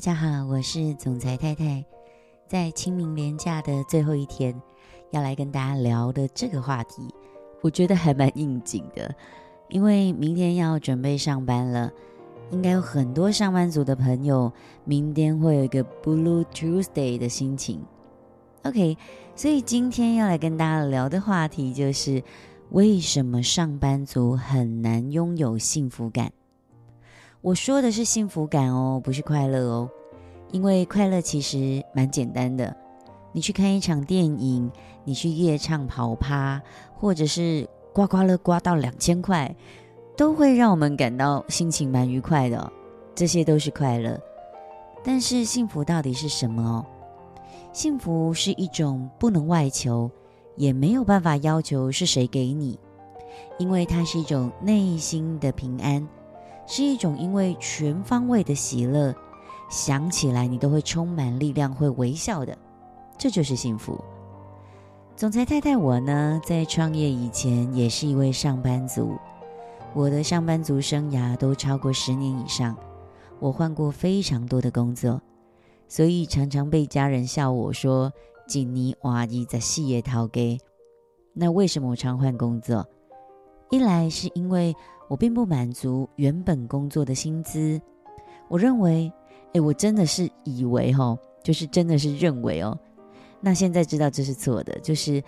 大家好，我是總裁太太。在清明連假的最後一天，要來跟大家聊的這個話題，我覺得還蠻應景的，因為明天要準備上班了，應該有很多上班族的朋友，明天會有一個 Blue Tuesday 的心情。OK，所以今天要來跟大家聊的話題就是，為什麼上班族很難擁有幸福感？我說的是幸福感哦，不是快樂哦。因為快樂其實蠻簡單的，你去看一場電影，你去夜唱跑趴，或者是刮刮樂刮到兩千塊，都會讓我們感到心情蠻愉快的哦。這些都是快樂，但是幸福到底是什麼哦？幸福是一種不能外求，也沒有辦法要求是誰給你，因為它是一種內心的平安。是一種因為全方位的喜樂，想起來你都會充滿力量，會微笑的，這就是幸福。總裁太太，我呢，在創業以前也是一位上班族，我的上班族生涯都超過十年以上，我換過非常多的工作，所以常常被家人笑我說：“錦妮，哇，你在事業逃給。”那為什麼我常換工作？一來是因為，我並不滿足原本工作的薪資，我認為，哎、欸，我真的是以為哦，就是真的是認為哦，那現在知道這是錯的，就是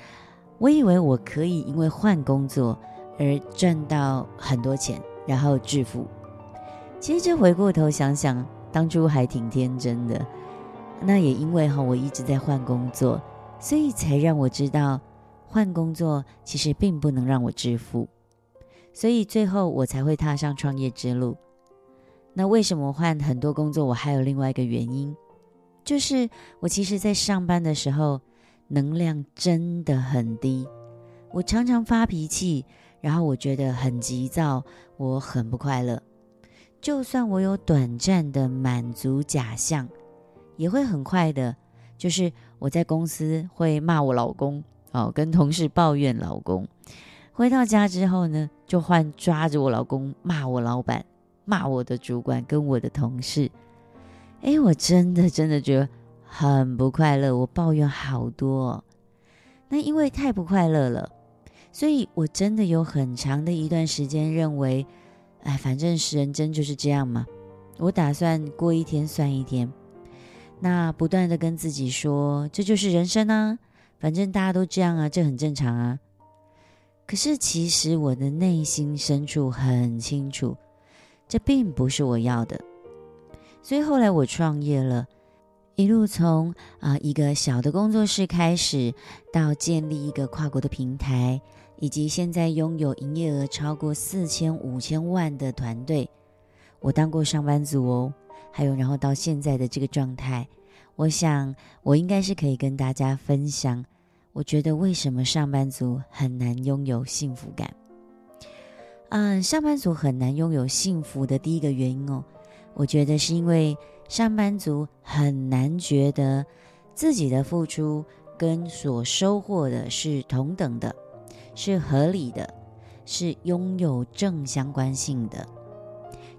我以為我可以因為換工作而賺到很多錢，然後致富。其實，這回過頭想想，當初還挺天真的。那也因為哈，我一直在換工作，所以才讓我知道，換工作其實並不能讓我致富。所以最後我才會踏上創業之路。那為什麼換很多工作？我還有另外一個原因，就是我其實，在上班的時候能量真的很低，我常常發脾氣，然後我覺得很急躁，我很不快樂。就算我有短暫的滿足假象，也會很快的，就是我在公司會罵我老公，哦，跟同事抱怨老公。回到家之後呢，就換抓着我老公罵我老闆，罵我的主管跟我的同事，哎，我真的真的覺得很不快樂，我抱怨好多。那因為太不快樂了，所以我真的有很長的一段時間認為，哎，反正是人生就是這樣嘛，我打算過一天算一天。那不斷的跟自己說，這就是人生啊，反正大家都這樣啊，這很正常啊。可是，其實我的內心深處很清楚，這並不是我要的。所以後來我創業了，一路從啊、呃、一個小的工作室開始，到建立一個跨國的平台，以及現在擁有營業額超過四千五千萬的團隊。我當過上班族哦，還有然後到現在的這個狀態，我想我應該是可以跟大家分享。我覺得為什麼上班族很難擁有幸福感？嗯，上班族很難擁有幸福的第一個原因哦，我覺得是因為上班族很難覺得自己的付出跟所收穫的是同等的，是合理的，是擁有正相關性的。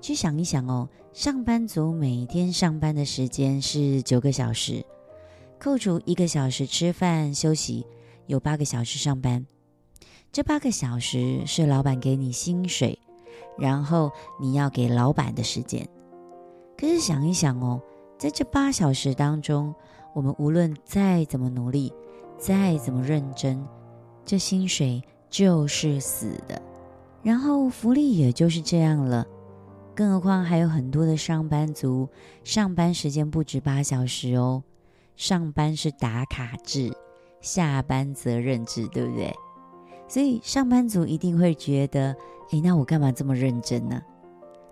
去想一想哦，上班族每天上班的時間是九個小時。扣除一個小時吃飯休息，有八個小時上班。這八個小時是老板給你薪水，然後你要給老板的時間。可是想一想哦，在這八小時當中，我們無論再怎麼努力，再怎麼認真，這薪水就是死的。然後福利也就是這樣了。更何況還有很多的上班族，上班時間不止八小時哦。上班是打卡制，下班責任制，對不對？所以上班族一定會覺得，誒，那我幹嘛這麼認真呢？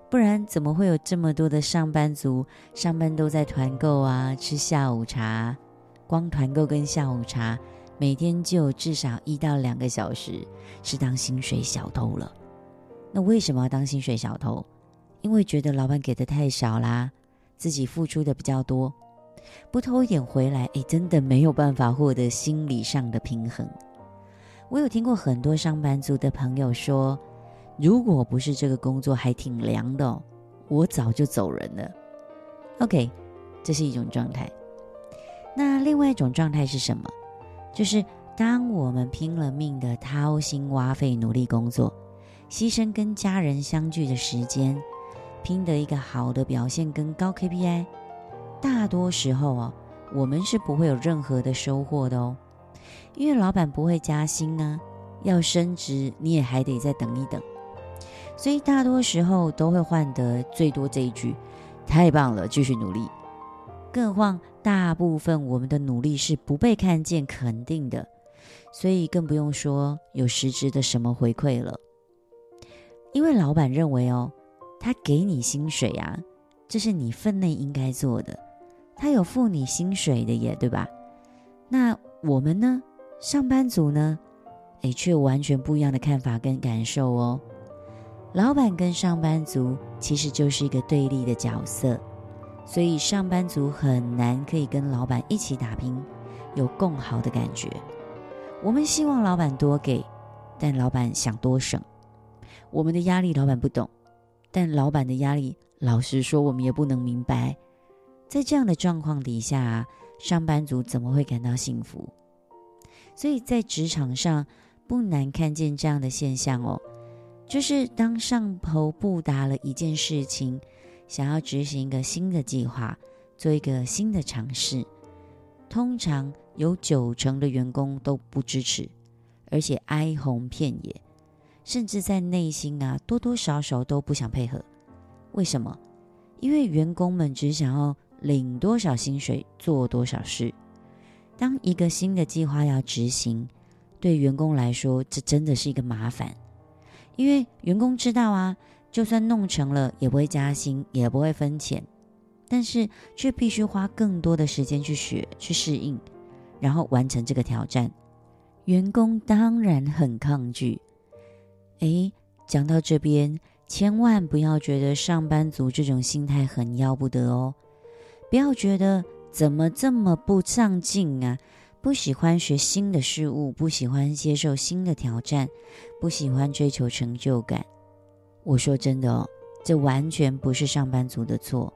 不然怎麼會有這麼多的上班族上班都在團購啊，吃下午茶，光團購跟下午茶，每天就有至少一到兩個小時是當薪水小偷了。那為什麼要當薪水小偷？因為覺得老闆給的太少啦，自己付出的比較多。不偷一點回來，誒，真的沒有辦法獲得心理上的平衡。我有聽過很多上班族的朋友說，如果不是這個工作還挺涼的哦，我早就走人了。OK，這是一種狀態。那另外一種狀態是什麼？就是當我們拼了命的掏心挖肺，努力工作，犧牲跟家人相聚的時間，拼得一個好的表現跟高 KPI。大多時候哦、啊，我們是不會有任何的收穫的哦，因為老闆不會加薪啊，要升職你也還得再等一等，所以大多時候都會換得最多這一句：“太棒了，繼續努力。”更何況大部分我們的努力是不被看見肯定的，所以更不用說有實質的什麼回饋了，因為老闆認為哦，他給你薪水啊，這是你分內應該做的。他有付你薪水的耶，對吧？那我們呢？上班族呢？誒，卻有完全不一樣的看法跟感受哦。老闆跟上班族其實就是一個對立的角色，所以上班族很難可以跟老闆一起打拼，有更好的感覺。我們希望老闆多給，但老闆想多省。我們的壓力老闆不懂，但老闆的壓力，老實說我們也不能明白。在這樣的狀況底下啊，上班族怎麼會感到幸福？所以在職場上，不難看見這樣的現象哦，就是當上頭布達了一件事情，想要執行一個新的計劃，做一個新的嘗試，通常有九成的員工都不支持，而且哀鴻遍野，甚至在內心啊，多多少少都不想配合。為什麼？因為員工們只想要。領多少薪水做多少事。當一個新的計劃要執行，對員工來說，這真的是一個麻煩，因為員工知道啊，就算弄成了，也不會加薪，也不會分錢，但是卻必須花更多的時間去學、去適應，然後完成這個挑戰，員工當然很抗拒。哎，講到這邊，千萬不要覺得上班族這種心態很要不得哦。不要覺得怎麼這麼不上進啊！不喜歡學新的事物，不喜歡接受新的挑戰，不喜歡追求成就感。我說真的哦，這完全不是上班族的錯，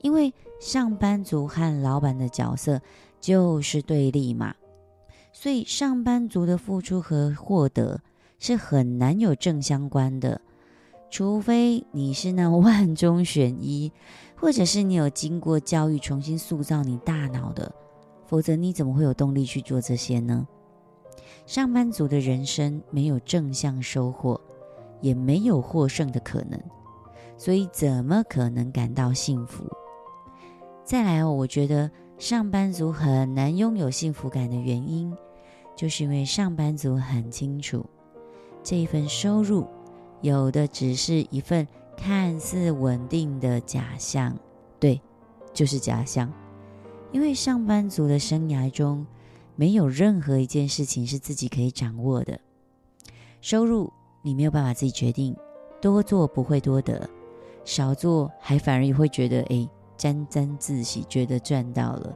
因為上班族和老闆的角色就是對立嘛，所以上班族的付出和獲得是很難有正相關的，除非你是那萬中選一。或者是你有經過教育重新塑造你大腦的，否則你怎麼會有動力去做這些呢？上班族的人生沒有正向收穫，也沒有獲勝的可能，所以怎麼可能感到幸福？再來哦，我覺得上班族很難擁有幸福感的原因，就是因為上班族很清楚，這一份收入有的只是一份，看似穩定的假象，對，就是假象。因為上班族的生涯中，沒有任何一件事情是自己可以掌握的。收入你沒有辦法自己決定，多做不會多得，少做還反而也會覺得誒沾沾自喜，覺得賺到了。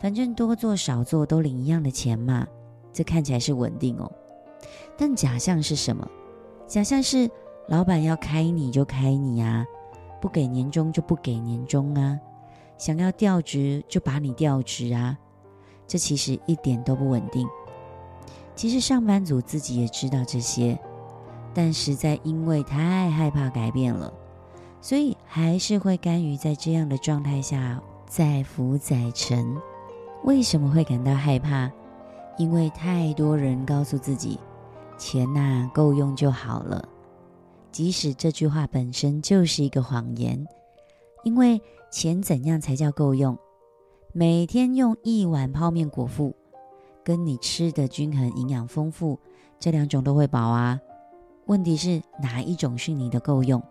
反正多做少做都領一樣的錢嘛，這看起來是穩定哦。但假象是什麼？假象是。老闆要開你就開你啊，不給年終就不給年終啊，想要調職就把你調職啊，這其實一點都不穩定。其實上班族自己也知道這些，但實在因為太害怕改變了，所以還是會甘於在這樣的狀態下載浮載沉。為什麼會感到害怕？因為太多人告訴自己，錢吶啊，夠用就好了。即使這句話本身就是一個謊言，因為錢怎樣才叫夠用？每天用一碗泡麵果腹，跟你吃的均衡、營養豐富，這兩種都會飽啊。問題是哪一種是你的夠用？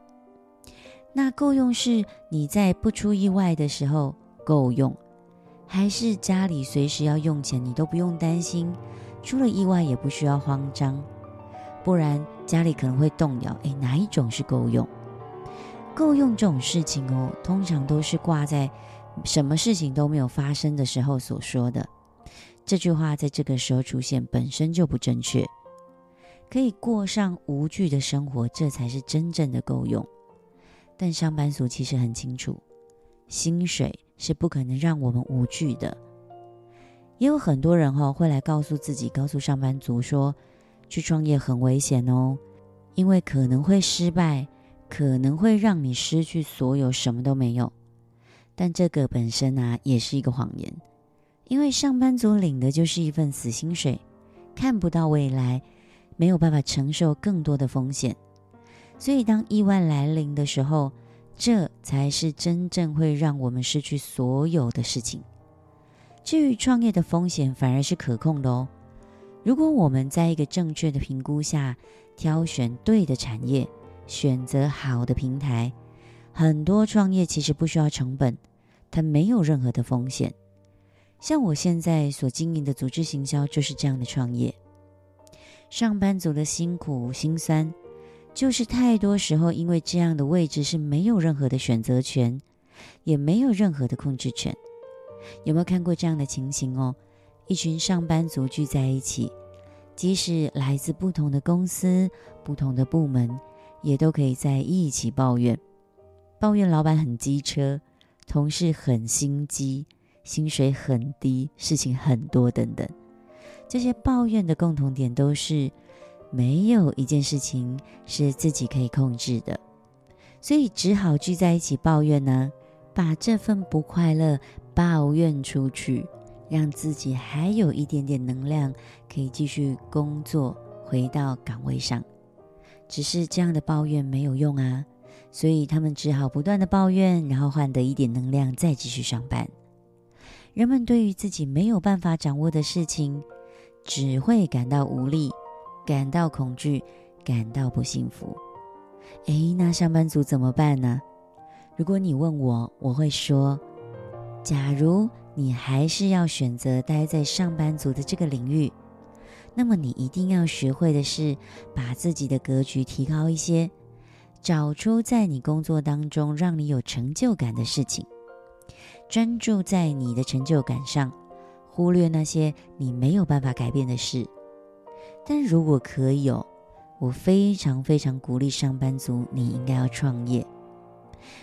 那夠用是你在不出意外的時候夠用，還是家裡隨時要用錢，你都不用擔心，出了意外也不需要慌張。不然，家裡可能會動搖，誒，哪一種是夠用？夠用這種事情哦，通常都是掛在什麼事情都沒有發生的時候所說的。這句話在這個時候出現，本身就不正確。可以過上無懼的生活，這才是真正的夠用。但上班族其實很清楚，薪水是不可能讓我們無懼的。也有很多人哈、哦、會來告訴自己，告訴上班族說。去創業很危險哦，因為可能會失敗，可能會讓你失去所有，什麼都沒有。但這個本身啊，也是一個謊言，因為上班族領的就是一份死薪水，看不到未來，沒有辦法承受更多的風險。所以，當意外來臨的時候，這才是真正會讓我們失去所有的事情。至於創業的風險，反而是可控的哦。如果我們在一個正確的評估下，挑選對的產業，選擇好的平台，很多創業其實不需要成本，它沒有任何的風險。像我現在所經營的組織行銷就是這樣的創業。上班族的辛苦辛酸，就是太多時候，因為這樣的位置是沒有任何的選擇權，也沒有任何的控制權。有沒有看過這樣的情形哦？一群上班族聚在一起，即使來自不同的公司、不同的部門，也都可以在一起抱怨，抱怨老闆很機車，同事很心機，薪水很低，事情很多等等。這些抱怨的共同點都是，沒有一件事情是自己可以控制的，所以只好聚在一起抱怨呢，把這份不快樂抱怨出去。讓自己還有一點點能量，可以繼續工作，回到崗位上。只是這樣的抱怨沒有用啊，所以他們只好不斷的抱怨，然後換得一點能量，再繼續上班。人們對於自己沒有辦法掌握的事情，只會感到無力，感到恐懼，感到不幸福。誒，那上班族怎麼辦呢？如果你問我，我會說，假如。你還是要選擇待在上班族的這個領域，那麼你一定要學會的是把自己的格局提高一些，找出在你工作當中讓你有成就感的事情，專注在你的成就感上，忽略那些你沒有辦法改變的事。但如果可以哦，我非常非常鼓勵上班族，你應該要創業，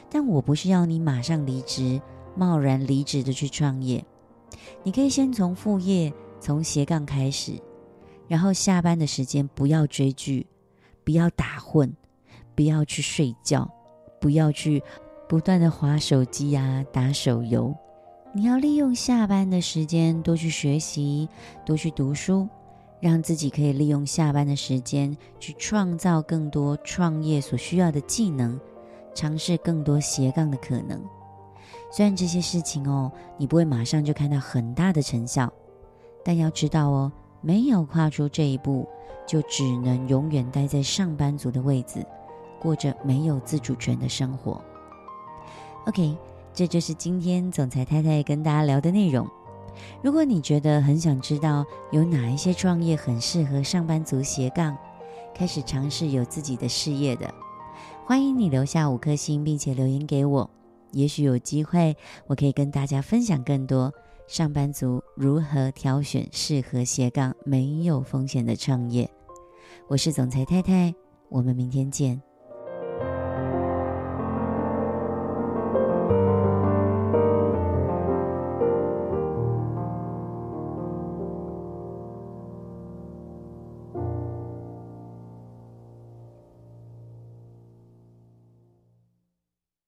但我不是要你馬上離職。貿然離職的去創業，你可以先從副業、從斜槓開始，然後下班的時間不要追劇，不要打混，不要去睡覺，不要去不斷的滑手機啊、打手遊。你要利用下班的時間多去學習、多去讀書，讓自己可以利用下班的時間去創造更多創業所需要的技能，嘗試更多斜槓的可能。雖然這些事情哦，你不會馬上就看到很大的成效，但要知道哦，沒有跨出這一步，就只能永遠待在上班族的位置，過着沒有自主權的生活。OK，這就是今天總裁太太跟大家聊的內容。如果你覺得很想知道有哪一些創業很適合上班族斜槓，開始嘗試有自己的事業的，歡迎你留下五顆星，並且留言給我。也許有機會，我可以跟大家分享更多上班族如何挑選適合斜槓、沒有風險的創業。我是總裁太太，我們明天見。